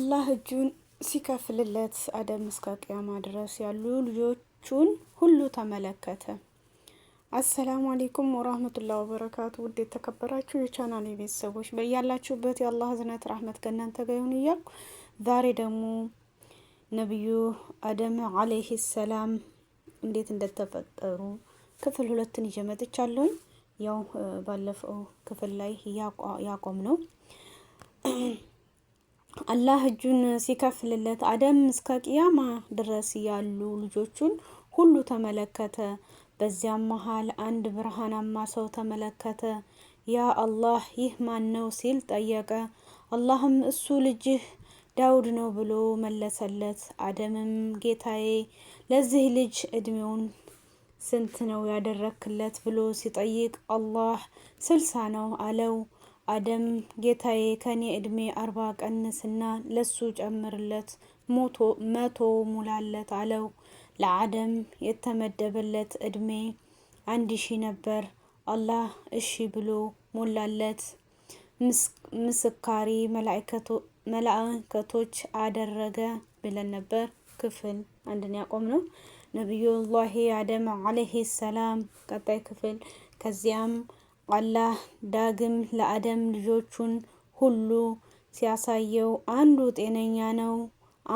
አላህ እጁን ሲከፍልለት አደም እስከ ቅያማ ድረስ ያሉ ልጆቹን ሁሉ ተመለከተ። አሰላሙ አሌይኩም ወራህመቱላ ወበረካቱ። ውድ የተከበራችሁ የቻናል ቤተሰቦች በያላችሁበት የአላህ ህዝነት ራህመት ከእናንተ ጋር ይሁን እያልኩ ዛሬ ደግሞ ነቢዩ አደም አለይሂ ሰላም እንዴት እንደተፈጠሩ ክፍል ሁለትን ይዤ መጥቻለሁኝ። ያው ባለፈው ክፍል ላይ ያቆም ነው አላህ እጁን ሲከፍልለት አደም እስከ ቅያማ ድረስ ያሉ ልጆቹን ሁሉ ተመለከተ። በዚያም መሀል አንድ ብርሃናማ ሰው ተመለከተ። ያ አላህ ይህ ማን ነው ሲል ጠየቀ። አላህም እሱ ልጅህ ዳውድ ነው ብሎ መለሰለት። አደምም ጌታዬ ለዚህ ልጅ እድሜውን ስንት ነው ያደረክለት ብሎ ሲጠይቅ አላህ ስልሳ ነው አለው። አደም ጌታዬ ከኔ እድሜ አርባ ቀንስና ለሱ ጨምርለት መቶ ሙላለት አለው። ለአደም የተመደበለት እድሜ አንድ ሺ ነበር። አላህ እሺ ብሎ ሞላለት። ምስካሪ መላእከቶች አደረገ ብለን ነበር። ክፍል አንድን ያቆም ነው። ነቢዩላሂ አደም አለይሂ ሰላም ቀጣይ ክፍል ከዚያም አላህ ዳግም ለአደም ልጆቹን ሁሉ ሲያሳየው አንዱ ጤነኛ ነው፣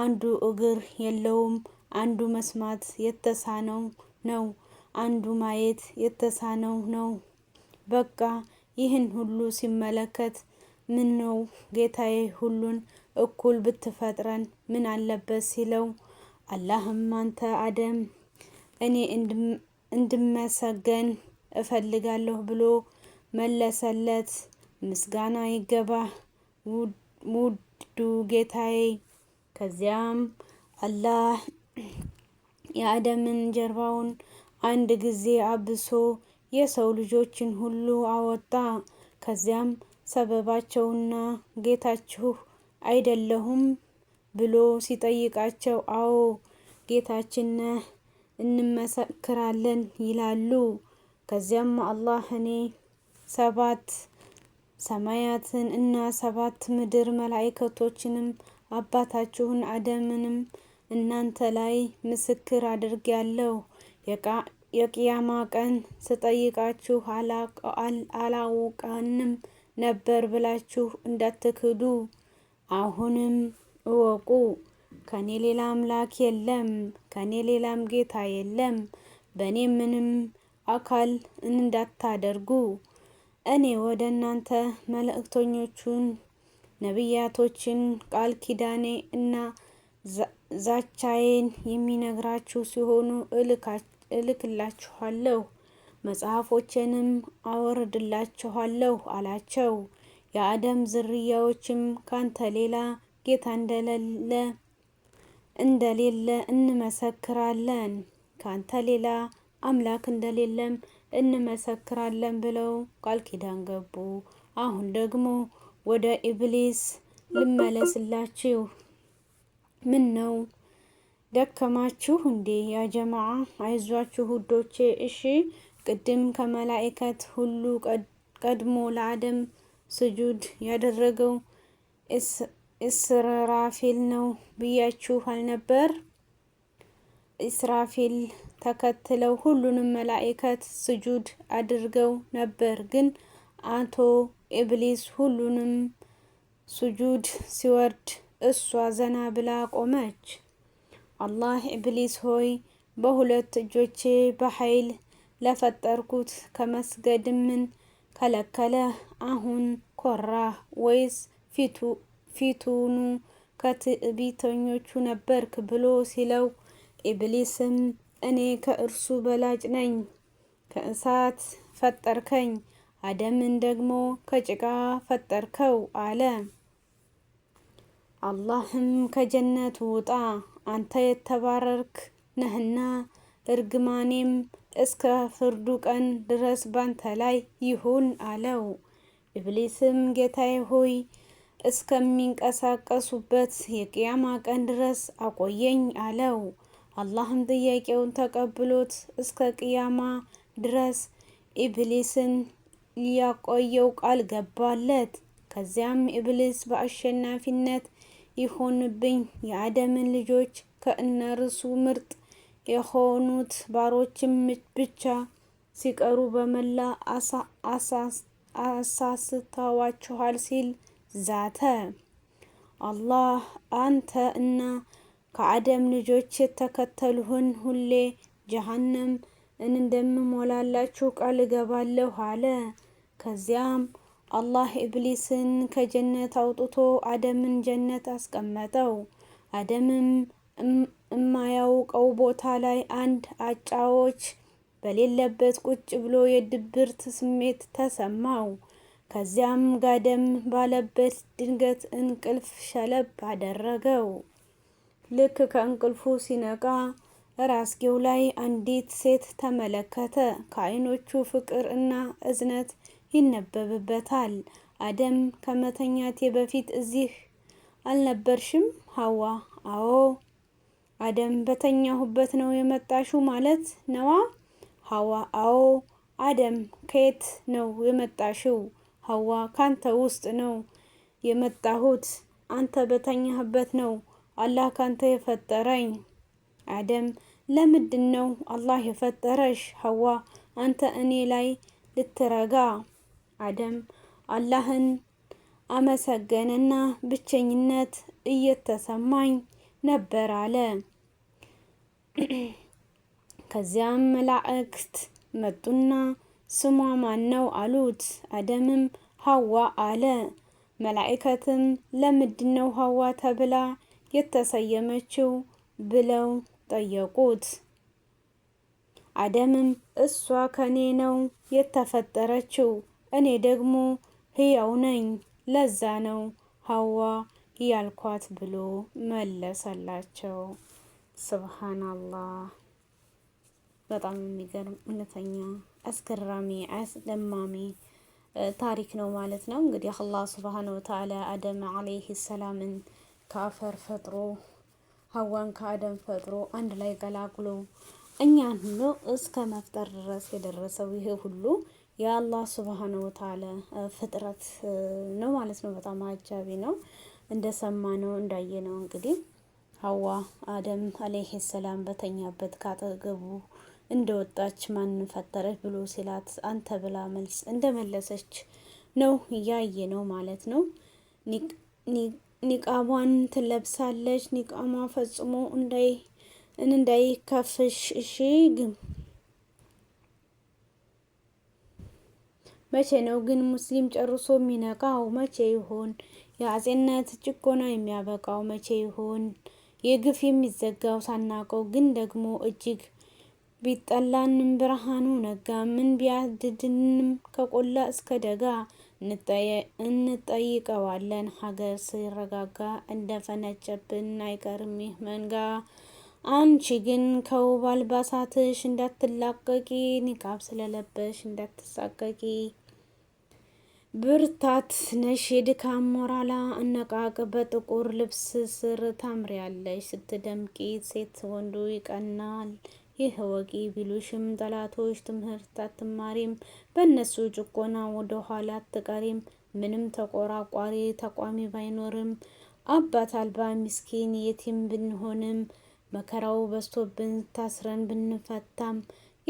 አንዱ እግር የለውም፣ አንዱ መስማት የተሳነው ነው፣ አንዱ ማየት የተሳነው ነው። በቃ ይህን ሁሉ ሲመለከት ምን ነው ጌታዬ ሁሉን እኩል ብትፈጥረን ምን አለበት ሲለው፣ አላህም አንተ አደም እኔ እንድመሰገን እፈልጋለሁ ብሎ መለሰለት። ምስጋና ይገባ! ውዱ ጌታዬ። ከዚያም አላህ የአደምን ጀርባውን አንድ ጊዜ አብሶ የሰው ልጆችን ሁሉ አወጣ። ከዚያም ሰበባቸውና ጌታችሁ አይደለሁም ብሎ ሲጠይቃቸው አዎ ጌታችን ነህ እንመሰክራለን ይላሉ። ከዚያም አላህ እኔ ሰባት ሰማያትን እና ሰባት ምድር መላእክቶችንም አባታችሁን አደምንም እናንተ ላይ ምስክር አድርጌያለሁ። የቅያማ ቀን ስጠይቃችሁ አላውቃንም ነበር ብላችሁ እንዳትክዱ አሁንም እወቁ። ከኔ ሌላ አምላክ የለም፣ ከኔ ሌላም ጌታ የለም። በእኔ ምንም አካል እንዳታደርጉ እኔ ወደ እናንተ መልእክተኞቹን ነቢያቶችን ቃል ኪዳኔ እና ዛቻዬን የሚነግራችሁ ሲሆኑ እልክላችኋለሁ፣ መጽሐፎቼንም አወርድላችኋለሁ አላቸው። የአደም ዝርያዎችም ካንተ ሌላ ጌታ እንደሌለ እንደሌለ እንመሰክራለን፣ ካንተ ሌላ አምላክ እንደሌለም እንመሰክራለን ብለው ቃል ኪዳን ገቡ። አሁን ደግሞ ወደ ኢብሊስ ልመለስላችሁ። ምን ነው ደከማችሁ እንዴ? ያ ጀማዓ አይዟችሁ ውዶቼ። እሺ ቅድም ከመላእከት ሁሉ ቀድሞ ለአደም ስጁድ ያደረገው እስራፊል ነው ብያችሁ አልነበር? እስራፊል ተከትለው ሁሉንም መላእክት ስጁድ አድርገው ነበር። ግን አቶ ኢብሊስ ሁሉንም ስጁድ ሲወርድ እሷ ዘና ብላ ቆመች። አላህ ኢብሊስ ሆይ በሁለት እጆቼ በኃይል ለፈጠርኩት ከመስገድ ምን ከለከለ? አሁን ኮራ ወይስ ፊቱኑ ከትዕቢተኞቹ ነበርክ ብሎ ሲለው ኢብሊስም እኔ ከእርሱ በላጭ ነኝ፣ ከእሳት ፈጠርከኝ፣ አደምን ደግሞ ከጭቃ ፈጠርከው አለ። አላህም ከጀነት ውጣ፣ አንተ የተባረርክ ነህና እርግማኔም እስከ ፍርዱ ቀን ድረስ ባንተ ላይ ይሁን አለው። ኢብሊስም ጌታዬ ሆይ እስከሚንቀሳቀሱበት የቅያማ ቀን ድረስ አቆየኝ አለው። አላህም ጥያቄውን ተቀብሎት እስከ ቅያማ ድረስ ኢብሊስን ሊያቆየው ቃል ገባለት። ከዚያም ኢብሊስ በአሸናፊነት ይሆንብኝ የአደምን ልጆች ከእነርሱ ምርጥ የሆኑት ባሮችም ብቻ ሲቀሩ በመላ አሳስተዋችኋል ሲል ዛተ። አላህ አንተ እና ከአደም ልጆች የተከተልሁን ሁሌ ጀሀነም እንደምሞላላችሁ ቃል እገባለሁ አለ። ከዚያም አላህ ኢብሊስን ከጀነት አውጥቶ አደምን ጀነት አስቀመጠው። አደምም እማያውቀው ቦታ ላይ አንድ አጫዎች በሌለበት ቁጭ ብሎ የድብርት ስሜት ተሰማው። ከዚያም ጋደም ባለበት ድንገት እንቅልፍ ሸለብ አደረገው። ልክ ከእንቅልፉ ሲነቃ ራስጌው ላይ አንዲት ሴት ተመለከተ። ከአይኖቹ ፍቅር እና እዝነት ይነበብበታል። አደም ከመተኛቴ በፊት እዚህ አልነበርሽም ሀዋ፣ አዎ። አደም በተኛሁበት ነው የመጣሹ ማለት ነዋ? ሀዋ፣ አዎ። አደም ከየት ነው የመጣሽው? ሀዋ፣ ካንተ ውስጥ ነው የመጣሁት። አንተ በተኛህበት ነው አላህ ካንተ የፈጠረኝ። አደም ለምንድን ነው አላህ የፈጠረሽ? ሀዋ አንተ እኔ ላይ ልትረጋ። አደም አላህን አመሰገነና ብቸኝነት እየተሰማኝ ነበር አለ። ከዚያም መላእክት መጡና ስሟ ማን ነው አሉት። አደምም ሀዋ አለ። መላእከትም ለምንድን ነው ሀዋ ተብላ የተሰየመችው ብለው ጠየቁት። አደምም እሷ ከኔ ነው የተፈጠረችው፣ እኔ ደግሞ ህያው ነኝ፣ ለዛ ነው ሀዋ ያልኳት ብሎ መለሰላቸው። ስብሓናላህ በጣም የሚገርም እውነተኛ አስገራሚ አስደማሚ ታሪክ ነው ማለት ነው። እንግዲህ አላህ ስብሓነ ወተዓላ አደም ዓለይህ ሰላምን ከአፈር ፈጥሮ ሀዋን ከአደም ፈጥሮ አንድ ላይ ቀላቅሎ እኛን ሁሉ እስከ መፍጠር ድረስ የደረሰው ይሄ ሁሉ የአላህ ስብሓነ ወተዓላ ፍጥረት ነው ማለት ነው። በጣም አጃቢ ነው። እንዳየ እንዳየነው እንግዲህ ሀዋ አደም አለይሂ ሰላም በተኛበት ካጠገቡ እንደወጣች ማንን ፈጠረች ብሎ ሲላት አንተ ብላ መልስ እንደመለሰች ነው እያየ ነው ማለት ነው። ኒቃቧን ትለብሳለች። ኒቃሟ ፈጽሞ እንዳይ እንዳይከፍሽ እሺ። ግን መቼ ነው ግን ሙስሊም ጨርሶ የሚነቃው? መቼ ይሆን የአጼነት ጭቆና የሚያበቃው? መቼ ይሆን የግፍ የሚዘጋው? ሳናቀው ግን ደግሞ እጅግ ቢጠላንም ብርሃኑ ነጋ ምን ቢያድድንም ከቆላ እስከ ደጋ እንጠይቀዋለን። ሀገር ሲረጋጋ እንደፈነጨብን አይቀርም ይህ መንጋ። አንቺ ግን ከውብ አልባሳትሽ እንዳትላቀቂ፣ ኒቃብ ስለለበሽ እንዳትሳቀቂ። ብርታት ነሽ የድካም ሞራላ አነቃቅ። በጥቁር ልብስ ስር ታምሪያለሽ ስትደምቂ፣ ሴት ወንዱ ይቀናል። ይህ ወቂ ቢሉሽም ጠላቶች ትምህርት አትማሪም፣ በእነሱ ጭቆና ወደ ኋላ አትቀሪም። ምንም ተቆራቋሪ ተቋሚ ባይኖርም፣ አባት አልባ ምስኪን የቲም ብንሆንም፣ መከራው በዝቶብን ታስረን ብንፈታም፣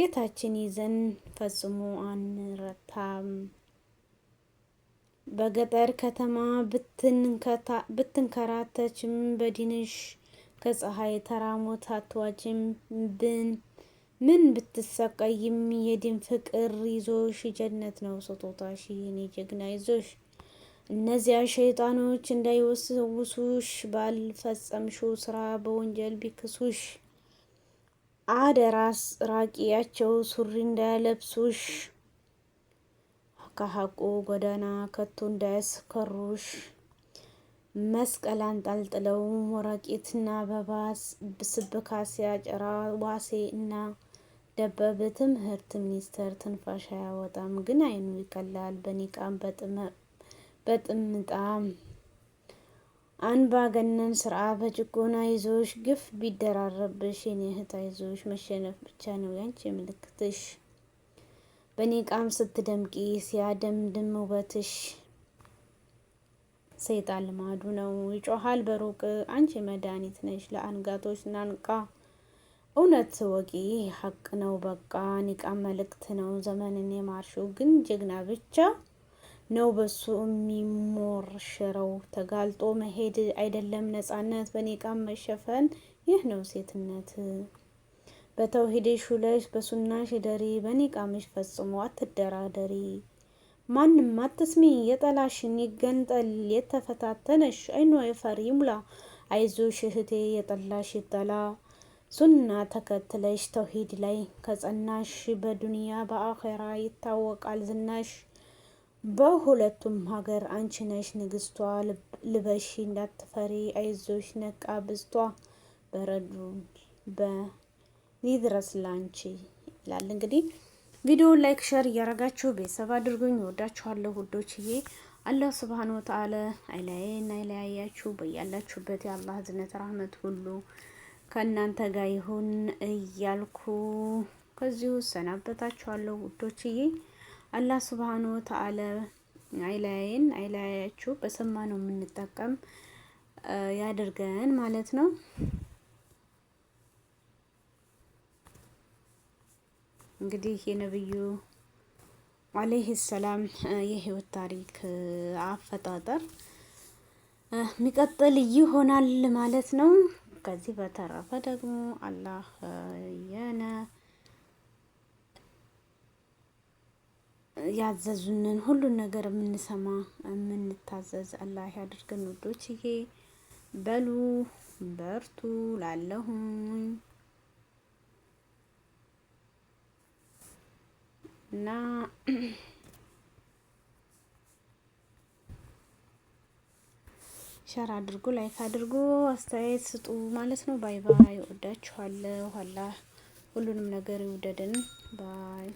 ጌታችን ይዘን ፈጽሞ አንረታም። በገጠር ከተማ ብትንከራተችም በዲንሽ ከፀሐይ ተራሞት አትዋጅም ብን ምን ብትሰቃይም የድን ፍቅር ይዞሽ ጀነት ነው ስጦታሽ የኔ ጀግና ይዞሽ እነዚያ ሸይጣኖች እንዳይወስውሱሽ ባልፈጸምሽው ስራ በወንጀል ቢክሱሽ አደራስ ራቂያቸው ሱሪ እንዳያለብሱሽ ከሀቁ ጎዳና ከቶ እንዳያስከሩሽ መስቀል አንጠልጥለው ወረቂትና በባስ ስብካሲያ ሲያጨራ ዋሴ እና ደበበ ትምህርት ሚኒስቴር ትንፋሽ አያወጣም፣ ግን አይኑ ይቀላል። በኒቃም በጥምጣም አንባገነን ስራ በጭቆና ይዞሽ ግፍ ቢደራረብሽ የኔ እህት አይዞሽ፣ መሸነፍ ብቻ ነው ያንቺ ምልክትሽ። በኒቃም ስትደምቂ ሲያደምድም ውበትሽ ሰይጣን ልማዱ ነው። ይጮሃል በሩቅ አንቺ መድኃኒት ነሽ ለአንጋቶች ናንቃ እውነት ወቂ ሀቅ ነው በቃ ኒቃ መልእክት ነው ዘመንን የማርሽው ግን ጀግና ብቻ ነው በሱ የሚሞርሽረው ተጋልጦ መሄድ አይደለም ነጻነት በኒቃ መሸፈን ይህ ነው ሴትነት። በተውሂድሽ ሹለሽ በሱናሽ ደሪ በኒቃምሽ ፈጽሞ አትደራደሪ። ማንም አትስሚ፣ የጠላሽን ይገንጠል፣ የተፈታተነሽ አይኖ የፈር ሙላ አይዞሽ እህቴ የጠላሽ ይጠላ፣ ሱና ተከትለሽ ተውሂድ ላይ ከጸናሽ፣ በዱንያ በአኼራ ይታወቃል ዝናሽ። በሁለቱም ሀገር አንቺ ነሽ ንግስቷ፣ ልበሽ እንዳትፈሪ አይዞሽ ነቃ ብዝቷ። በረዱ በሊድረስ ላንቺ ይላል እንግዲህ ቪዲዮ ላይክ፣ ሸር እያረጋችሁ ቤተሰብ አድርጉኝ። ወዳችኋለሁ ውዶችዬ። አላህ ስብሃነ ወተዓላ አይለያየን አይለያያችሁ። በያላችሁበት የአላህ እዝነት ረህመት ሁሉ ከእናንተ ጋር ይሁን እያልኩ ከዚሁ ሰናበታችኋለሁ ውዶችዬ። አላህ ስብሃነ ወተዓላ አይለያየን አይለያያችሁ። በሰማነው የምንጠቀም ያድርገን ማለት ነው። እንግዲህ የነብዩ አለይሂ ሰላም የህይወት ታሪክ አፈጣጠር የሚቀጥል ይሆናል ማለት ነው። ከዚህ በተረፈ ደግሞ አላህ የነ ያዘዙንን ሁሉን ነገር የምንሰማ የምንታዘዝ አላህ ያድርገን። ይሄ በሉ በርቱ ላለሁኝ እና ሸር አድርጉ፣ ላይክ አድርጉ፣ አስተያየት ስጡ ማለት ነው። ባይ ባይ። እወዳችኋለሁ። አላህ ሁሉንም ነገር ይውደድን። ባይ